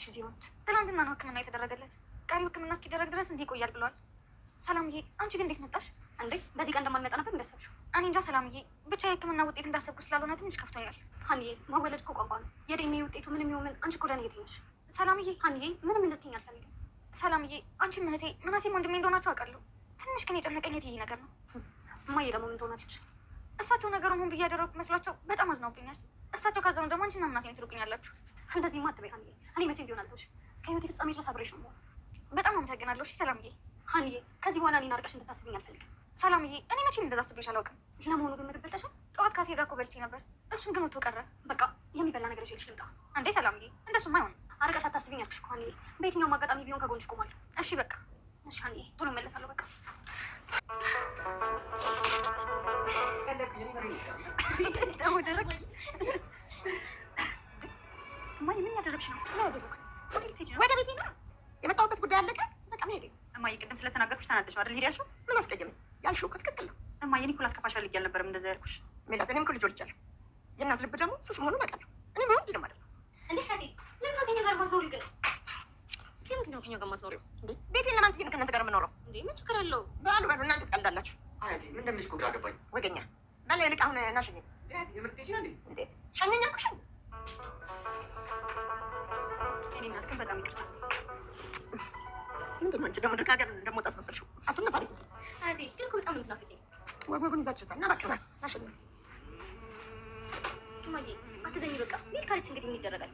ሞትሽ እዚህ ትናንትና ነው ህክምና የተደረገለት። ቀሪው ህክምና እስኪደረግ ድረስ እንዲህ ይቆያል ብለዋል። ሰላምዬ አንቺ ግን እንዴት መጣሽ እንዴ? በዚህ ቀን እንደማልመጣ ነበር እንዳሰብሽው? እኔ እንጃ ሰላምዬ፣ ብቻ የህክምና ውጤት እንዳሰብኩ ስላልሆነ ትንሽ ከፍቶኛል። ሀንዬ መወለድ እኮ ቋንቋ ነው። የደሜ ውጤቱ ምንም ይሁን ምን አንቺ እኮ ለእኔ እህቴ። ሰላምዬ ሀንዬ ምንም እንድትይኝ አልፈልግም። ሰላምዬ አንቺም እህቴ ምናሴም ወንድሜ እንደሆናቸው አውቃለሁ። ትንሽ ግን የጨነቀኝ የትዬ ነገር ነው። እማዬ ደግሞ ምን ትሆናለች? እሳቸው ነገሩን ሆን ብዬ ያደረጉት መስሏቸው በጣም አዝነውብኛል። እሳቸው ካዘኑ ደግሞ አንቺና ምናሴን ትሩብኛላችሁ። እንደዚህ ማትበይ ሀንዬ፣ እኔ መቼም ቢሆን አልተውሽም። እስከ ህይወቴ ፍጻሜ ድረስ አብሬሽ ነው። በጣም አመሰግናለሁ። እሺ ሰላምዬ። ሀንዬ፣ ከዚህ በኋላ እኔን አርቀሽ እንድታስብኝ አልፈልግም። ሰላምዬ፣ እኔ መቼም እንደዛ አስቤሽ አላውቅም። ለመሆኑ ግን ምግብ በልተሻል? ጠዋት ካሴ ጋር እኮ በልቼ ነበር፣ እሱም ግን ወጥቶ ቀረ። በቃ የሚበላ ነገር ይዤልሽ ልምጣ። እንዴ ሰላምዬ፣ እንደሱም አይሆንም። አርቀሽ አታስብኝ አልኩሽ እኮ ሀንዬ። በየትኛውም አጋጣሚ ቢሆን ከጎንሽ እቆማለሁ። እሺ በቃ እሺ ሀንዬ፣ ቶሎ መለሳለሁ። በቃ ደረግ እያደረግሽ ነው? ወደ ቤቴ ነው የመጣሁበት። ጉዳይ አለቀ በቃ መሄዴ። እማዬ ቅድም ስለተናገርኩሽ ተናደሽ አይደል? ሄድ ያልሽው ምን አስቀየመኝ? ያልሽው እኮ ትክክል ነው እማዬ። እኔ እኮ ላስከፋሽ ፈልጌ አልነበረም እንደዛ ያልኩሽ ሜላት። እኔም እኮ ልጅ ወልጃለሁ። የእናት ልብ ደግሞ ስስ መሆኑን አውቃለሁ። እኔ ሆን ልድም አይደለም እንዴ ከቴ ምን ከኛ ጋር ማትኖሪ ግን ምንድን ነው ከኛ ጋር ማትኖሪው? ቤቴን ለማን ትዬ ነው ከእናንተ ጋር የምኖረው? እንዴ ምን ችግር አለው? በሉ በሉ እናንተ ትቀልዳላችሁ። አያቴ ምን እንደምልሽ እኮ ግራ ገባኝ። ወገኛ በላ ይልቅ አሁን እናሸኘኝ። ሸኘኛ ኩሽ ተገኘት ግን በጣም ይቅርታ። ምንድን ነው አንቺ ደግሞ ደጋገር ደግሞ ታስመስልሽው አቱና ባለች አረቴ ግን እኮ በጣም ነው የምትናፍቂኝ። ወጉን ይዛችሁታል እና እባክህ አሸነ እማዬ አትዘኝ በቃ ሜል ካለች እንግዲህ ምን ይደረጋል?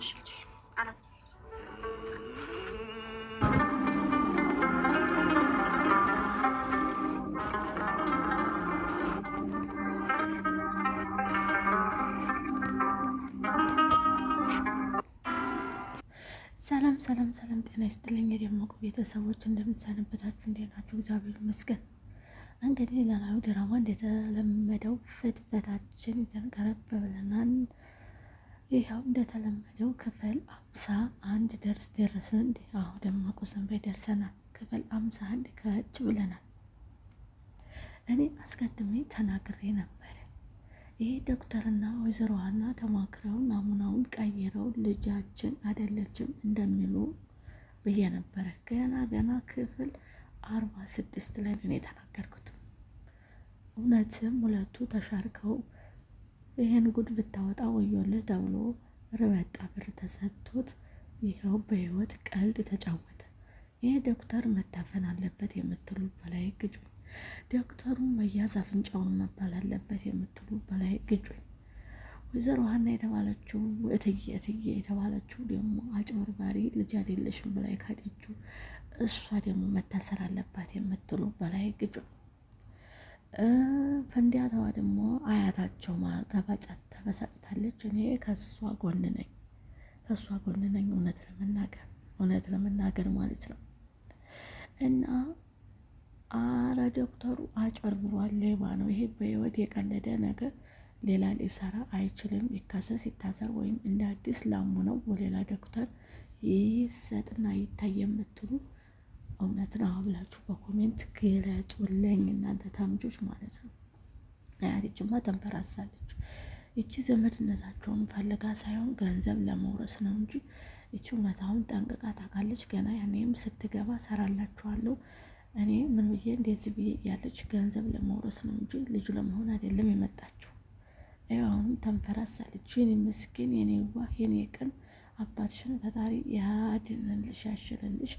እሺ ልጄ አላዝም ሰላም ሰላም ሰላም፣ ጤና ይስጥልኝ የደመቁ ቤተሰቦች እንደምትሰንበታችሁ፣ እንዴት ናችሁ? እግዚአብሔር ይመስገን። እንግዲህ ኖላዊ ድራማ እንደተለመደው ፍትፈታችን ይዘን ቀረብ ብለናል። ይኸው እንደተለመደው ክፍል አምሳ አንድ ደርስ ደረስን። እንዲ አሁ ደመቁ ስንበይ ደርሰናል። ክፍል አምሳ አንድ ከች ብለናል። እኔ አስቀድሜ ተናግሬ ነበር ይሄ ዶክተርና ወይዘሮ ሀና ተማክረው ናሙናውን ቀይረው ልጃችን አይደለችም እንደሚሉ ብዬ ነበረ። ገና ገና ክፍል አርባ ስድስት ላይ ነው የተናገርኩት። እውነትም ሁለቱ ተሻርከው ይህን ጉድ ብታወጣ ወዮልህ ተብሎ ርበጣ ብር ተሰጥቶት ይኸው በህይወት ቀልድ ተጫወተ። ይህ ዶክተር መታፈን አለበት የምትሉ በላይ ግጩ ዶክተሩ መያዝ አፍንጫውን መባል አለበት የምትሉ በላይ ግጩኝ። ወይዘሮ ሀና የተባለችው እትዬ እትዬ የተባለችው ደግሞ አጭበርባሪ ልጅ አይደለሽም በላይ ካደችው እሷ ደግሞ መታሰር አለባት የምትሉ በላይ ግጩኝ። ፈንዲያተዋ ደግሞ አያታቸው ማለት ተባጫት ተበሳጭታለች። እኔ ከሷ ጎን ነኝ ከእሷ ጎን ነኝ። እውነት ለመናገር እውነት ለመናገር ማለት ነው እና አረ ዶክተሩ አጨርብሯል። ሌባ ነው ይሄ። በህይወት የቀለደ ነገር ሌላ ሊሰራ አይችልም። ይካሰስ፣ ይታሰር ወይም እንደ አዲስ ላሙ ነው ወሌላ ዶክተር ይሰጥና ይታይ የምትሉ እውነት ነው ብላችሁ በኮሜንት ግለጡልኝ። እናንተ ታምጆች ማለት ነው። አያትችማ ተንፈራሳለች። ይቺ ዘመድነታቸውን ፈልጋ ሳይሆን ገንዘብ ለመውረስ ነው እንጂ ይቺ እውነታውን ጠንቅቃ ታውቃለች። ገና ያኔም ስትገባ ሰራላችኋለሁ እኔ ምን ብዬ እንደዚህ ብዬ ያለች ገንዘብ ለመውረስ ነው እንጂ ልጁ ለመሆን አይደለም የመጣችው። አሁንም ተንፈራሳለች። የኔ ምስኪን፣ የኔ ዋህ፣ የኔ ቅን አባትሽን ፈጣሪ ያድንልሽ፣ ያሽልልሽ